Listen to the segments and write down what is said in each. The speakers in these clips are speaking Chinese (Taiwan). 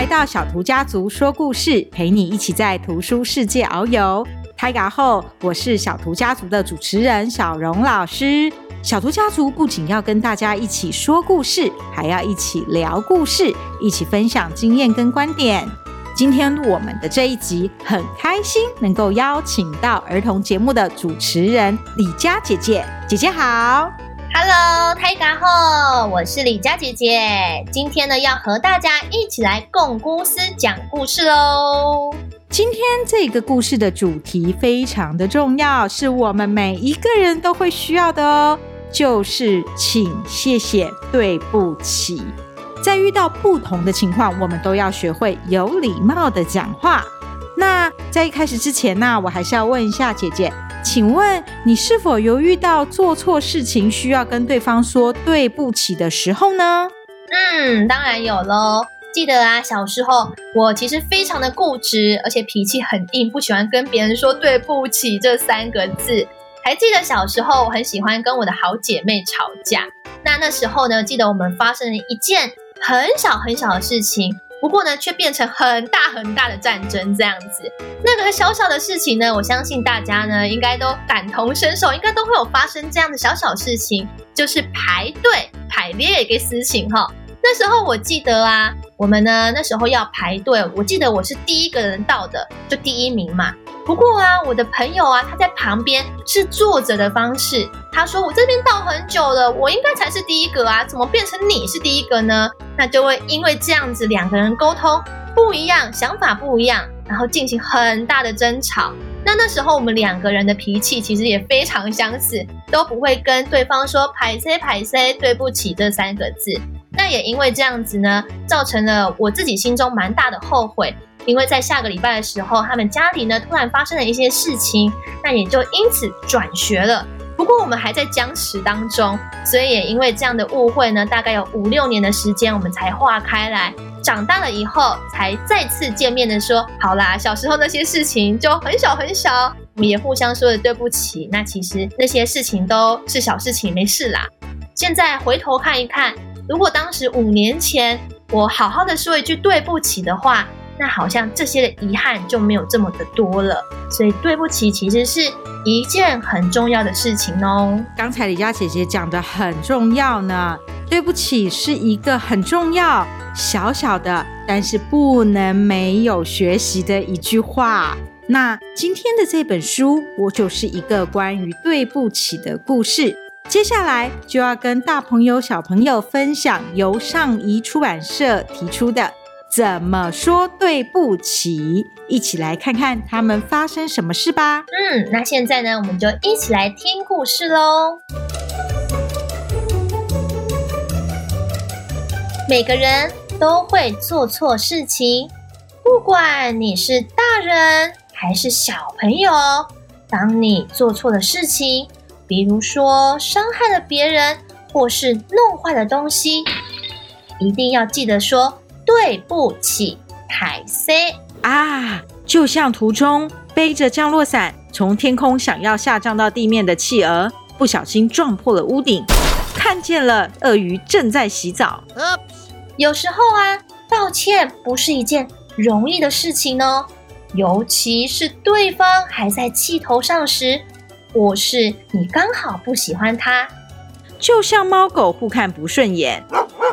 來到小圖家族說故事，陪你一起在圖書世界遨游。大家好，我是小圖家族的主持人小蓉老師。小圖家族不僅要跟大家一起說故事，還要一起聊故事，一起分享經驗跟觀點。今天錄我們的這一集很開心能夠邀請到兒童節目的主持人李佳姐姐，姐姐好。Hello，太嘎吼，我是李佳姐姐。今天呢，要和大家一起來共故事講故事嘍。今天這個故事的主題非常的重要，是我們每一個人都會需要的哦。就是請、謝謝、對不起，在遇到不同的情況，我們都要學會有禮貌的講話。那在一開始之前呢、啊，我還是要問一下姐姐。請問你是否有遇到做錯事情，需要跟對方說對不起的時候呢？嗯，當然有嘍。記得啊，小時候我其實非常的固執，而且脾氣很硬，不喜歡跟別人說對不起這三個字。還記得小時候我很喜歡跟我的好姐妹吵架。那那時候呢，記得我們發生了一件很小很小的事情。不過呢，卻變成很大很大的戰爭這樣子。那個很小小的事情呢，我相信大家呢，應該都感同身受，應該都會有發生這樣的小小事情，就是排隊排列一個事情哈、哦。那時候我記得啊，我們呢那時候要排隊，我記得我是第一個人到的，就第一名嘛。不過啊，我的朋友啊，他在旁邊是坐着的方式，他說我這邊到很久了，我應該才是第一個啊，怎麼變成你是第一個呢？那就會因為這樣子兩個人溝通不一樣，想法不一樣，然後進行很大的爭吵。那那時候我們兩個人的脾氣其實也非常相似，都不會跟對方說“歹勢、歹勢，對不起”這三個字。那也因為這樣子呢，造成了我自己心中蠻大的後悔。因為在下個禮拜的時候，他們家裡呢突然發生了一些事情，那也就因此轉學了。不過我們還在僵持當中，所以也因為這樣的誤會呢，大概有五六年的時間，我們才化開來。長大了以後才再次見面的說，好啦，小時候那些事情就很小很小。我們也互相說了對不起。那其實那些事情都是小事情，沒事啦。現在回頭看一看，如果當時五年前我好好的說一句對不起的話，那好像這些的遺憾就沒有這麼的多了。所以對不起其實是一件很重要的事情哦。剛才李佳姐姐講的很重要呢，對不起是一個很重要小小的，但是不能沒有學習的一句話。那今天的這本書我就是一個關於對不起的故事。接下來就要跟大朋友、小朋友分享由上誼出版社提出的“怎麼說對不起”，一起來看看他們發生什麼事吧。嗯，那現在呢，我們就一起來聽故事嘍。每個人都會做錯事情，不管你是大人還是小朋友，當你做錯了事情。比如說，傷害了別人或是弄壞了東西，一定要記得說對不起，凱瑟啊！就像圖中背着降落傘從天空想要下降到地面的企鵝，不小心撞破了屋頂，看見了鱷魚正在洗澡。有時候啊，道歉不是一件容易的事情哦，尤其是對方還在氣頭上時。我是你剛好不喜歡它就像貓狗互看不順眼，貓貓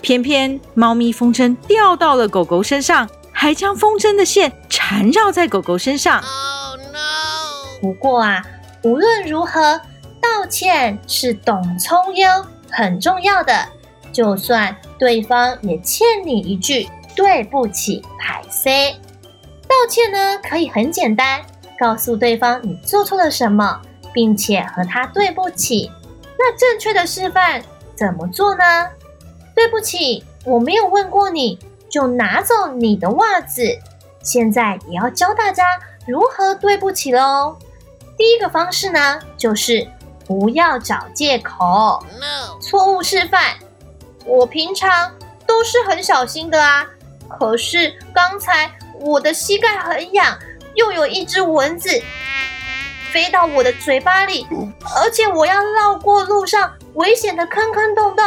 偏偏貓咪風箏掉到了狗狗身上，還將風箏的線纏繞在狗狗身上。Oh no！不過啊，無論如何，道歉是懂聰優很重要的，就算對方也欠你一句對不起。排 C，道歉呢可以很簡單。告訴對方你做錯了什麼，並且和他對不起。那正確的示範怎麼做呢？對不起，我沒有問過你，就拿走你的襪子。現在也要教大家如何對不起嘍。第一個方式呢，就是不要找借口。錯誤示範：我平常都是很小心的啊，可是剛才我的膝蓋很癢。又有一隻蚊子飛到我的嘴巴裡，而且我要繞過路上危險的坑坑洞洞。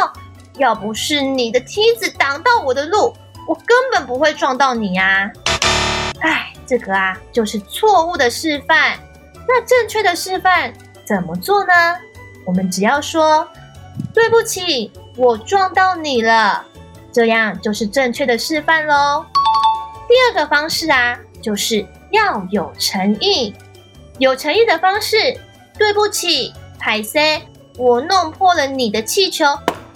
要不是你的梯子擋到我的路，我根本不會撞到你呀、啊！哎，這個啊，就是錯誤的示範。那正確的示範怎麼做呢？我們只要說“對不起，我撞到你了”，這樣就是正確的示範嘍。第二個方式啊，就是。要有誠意，有誠意的方式。對不起，海森，我弄破了你的氣球，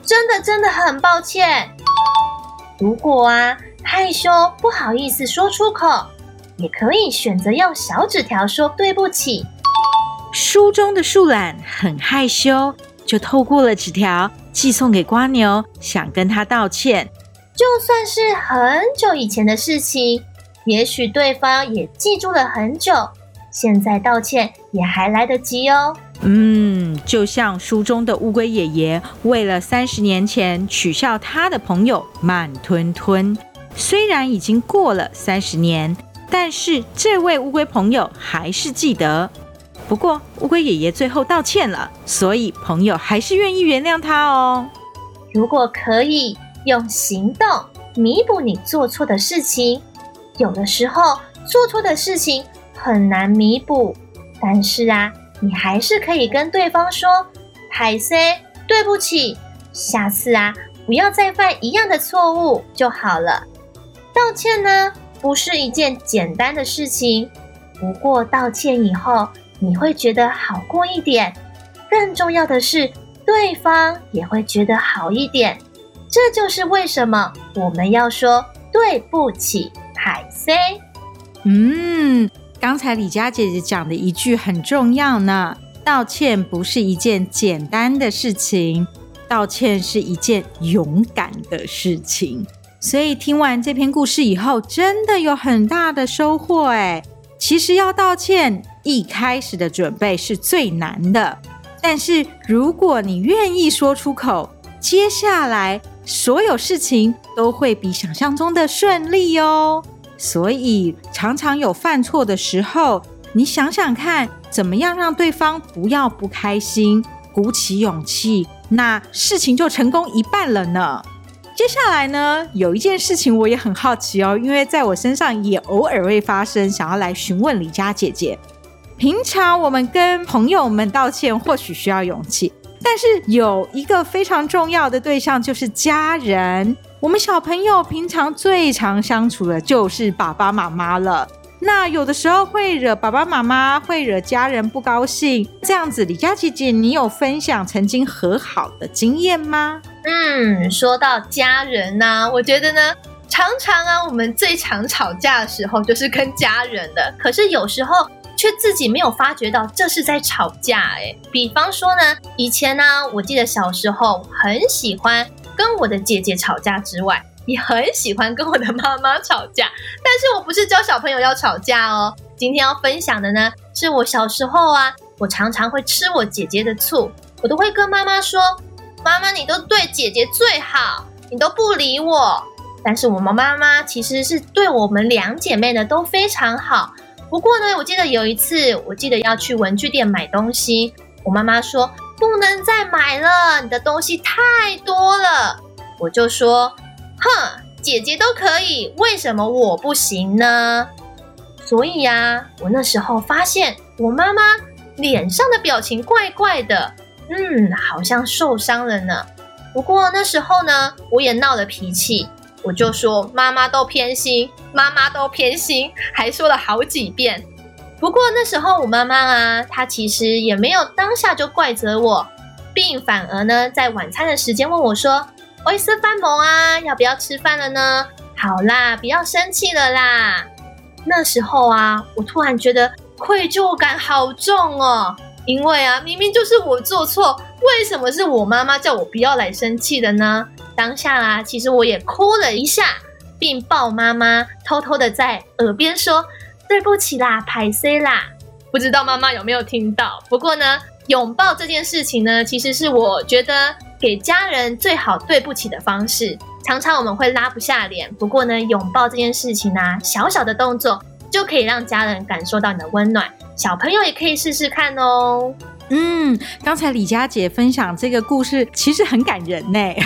真的真的很抱歉。如果啊害羞不好意思說出口，也可以選擇用小紙條說對不起。書中的樹懶很害羞，就透過了紙條寄送給蝸牛，想跟他道歉。就算是很久以前的事情。也許對方也記住了很久，現在道歉也還來得及哦。嗯，就像書中的烏龜爺爺，為了三十年前取笑他的朋友慢吞吞，雖然已經過了三十年，但是這位烏龜朋友還是記得。不過烏龜爺爺最後道歉了，所以朋友還是願意原諒他哦。如果可以用行動彌補你做錯的事情。有的時候做錯的事情很難彌補，但是啊，你還是可以跟對方說：“海森，對不起，下次啊不要再犯一樣的錯誤就好了。”道歉呢，不是一件簡單的事情，不過道歉以後你會覺得好過一點，更重要的是對方也會覺得好一點。這就是為什麼我們要說對不起。海嗯，剛才李佳姐姐講的一句很重要呢。道歉不是一件簡單的事情，道歉是一件勇敢的事情。所以聽完這篇故事以後，真的有很大的收穫誒。其實要道歉，一開始的準備是最難的，但是如果你願意說出口，接下來所有事情都會比想象中的順利哦。所以常常有犯錯的時候，你想想看，怎麼樣讓對方不要不開心，鼓起勇氣，那事情就成功一半了呢。接下來呢，有一件事情我也很好奇哦，因為在我身上也偶爾會發生，想要來詢問李佳姐姐。平常我們跟朋友們道歉或許需要勇氣，但是有一個非常重要的對象就是家人。我們小朋友平常最常相處的就是爸爸媽媽了。那有的時候會惹爸爸媽媽，會惹家人不高興。這樣子，李佳姐姐，你有分享曾經和好的經驗嗎？嗯，說到家人呢、啊，我覺得呢，常常啊，我們最常吵架的時候就是跟家人的，可是有時候卻自己沒有發覺到這是在吵架、欸。哎，比方說呢，以前呢、啊，我記得小時候很喜歡。跟我的姐姐吵架之外，也很喜歡跟我的媽媽吵架。但是我不是教小朋友要吵架哦！今天要分享的呢，是我小時候啊，我常常會吃我姐姐的醋，我都會跟媽媽說：“媽媽，你都對姐姐最好，你都不理我。”但是我們媽媽其實是對我們兩姐妹呢都非常好。不過呢，我記得有一次，我記得要去文具店買東西，我媽媽說。不能再買了，你的東西太多了。我就說，哼，姐姐都可以，為什麼我不行呢？所以呀，我那時候發現我媽媽臉上的表情怪怪的，嗯，好像受傷了呢。不過那時候呢，我也鬧了脾氣，我就說媽媽都偏心，媽媽都偏心，還說了好幾遍。不過那時候我媽媽啊，她其實也沒有當下就怪責我，並反而呢在晚餐的時間問我說：“我斯卡班蒙啊，要不要吃飯了呢？”好啦，不要生氣了啦。那時候啊，我突然覺得愧疚感好重哦，因為啊明明就是我做錯，為什麼是我媽媽叫我不要來生氣的呢？當下啊，其實我也哭了一下，並抱媽媽，偷偷的在耳邊說。對不起啦，歹勢啦，不知道媽媽有沒有聽到。不過呢，擁抱這件事情呢，其實是我覺得給家人最好對不起的方式。常常我們會拉不下臉，不過呢，擁抱這件事情呢、啊，小小的動作就可以讓家人感受到你的溫暖。小朋友也可以試試看哦。嗯，剛才李佳姐分享這個故事，其實很感人呢、欸。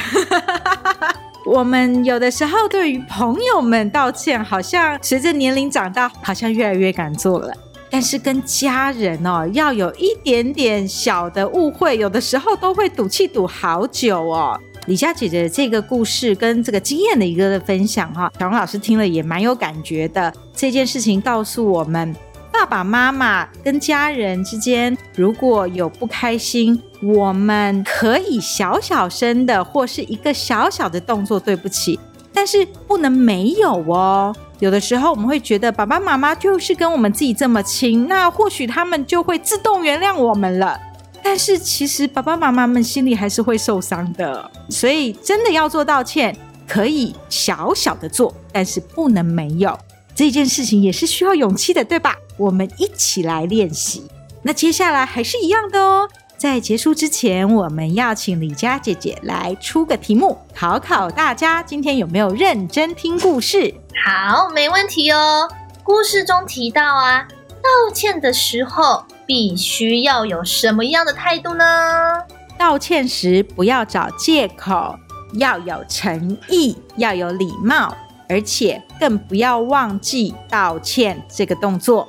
我們有的時候對於朋友們道歉，好像隨着年齡長大，好像越來越敢做了。但是跟家人哦，要有一點點小的誤會，有的時候都會賭氣賭好久哦。李佳姐姐這個故事跟這個經驗的一個的分享哈、哦，曉蓉老師聽了也蠻有感覺的。這件事情告訴我們。爸爸媽媽跟家人之間如果有不開心，我們可以小小聲的，或是一個小小的動作，對不起，但是不能沒有哦。有的時候我們會覺得爸爸媽媽就是跟我們自己這麼親，那或許他們就會自動原諒我們了。但是其實爸爸媽媽們心裡還是會受傷的，所以真的要做道歉，可以小小的做，但是不能沒有。這件事情也是需要勇氣的，對吧？我們一起來練習。那接下來還是一樣的哦。在結束之前，我們要請李佳姐姐來出個題目，考考大家今天有沒有認真聽故事。好，沒問題哦。故事中提到啊，道歉的時候必須要有什麼樣的態度呢？道歉時不要找借口，要有誠意，要有禮貌，而且更不要忘記道歉這個動作。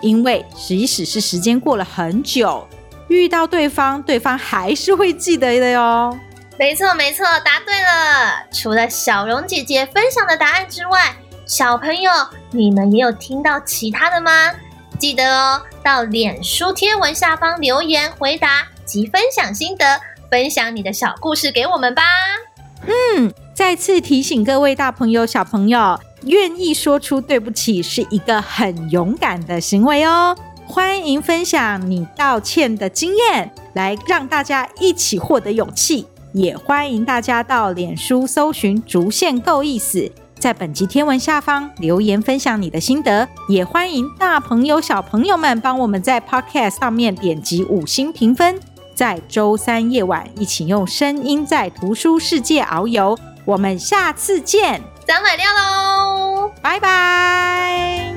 因為即使是時間過了很久，遇到對方，對方還是會記得的喲。沒錯，沒錯，答對了。除了小蓉姐姐分享的答案之外，小朋友，你們也有聽到其他的嗎？記得哦，到臉書貼文下方留言回答及分享心得，分享你的小故事給我們吧。嗯，再次提醒各位大朋友、小朋友，願意說出對不起是一個很勇敢的行為哦，歡迎分享你道歉的經驗，來讓大家一起獲得勇氣。也歡迎大家到臉書搜尋“逐限夠意思”，在本集貼文下方留言分享你的心得。也歡迎大朋友小朋友們幫我們在 Podcast 上面點擊五星評分。在週三夜晚一起用聲音在圖書世界遨遊，我們下次見。再買料嘍，拜拜。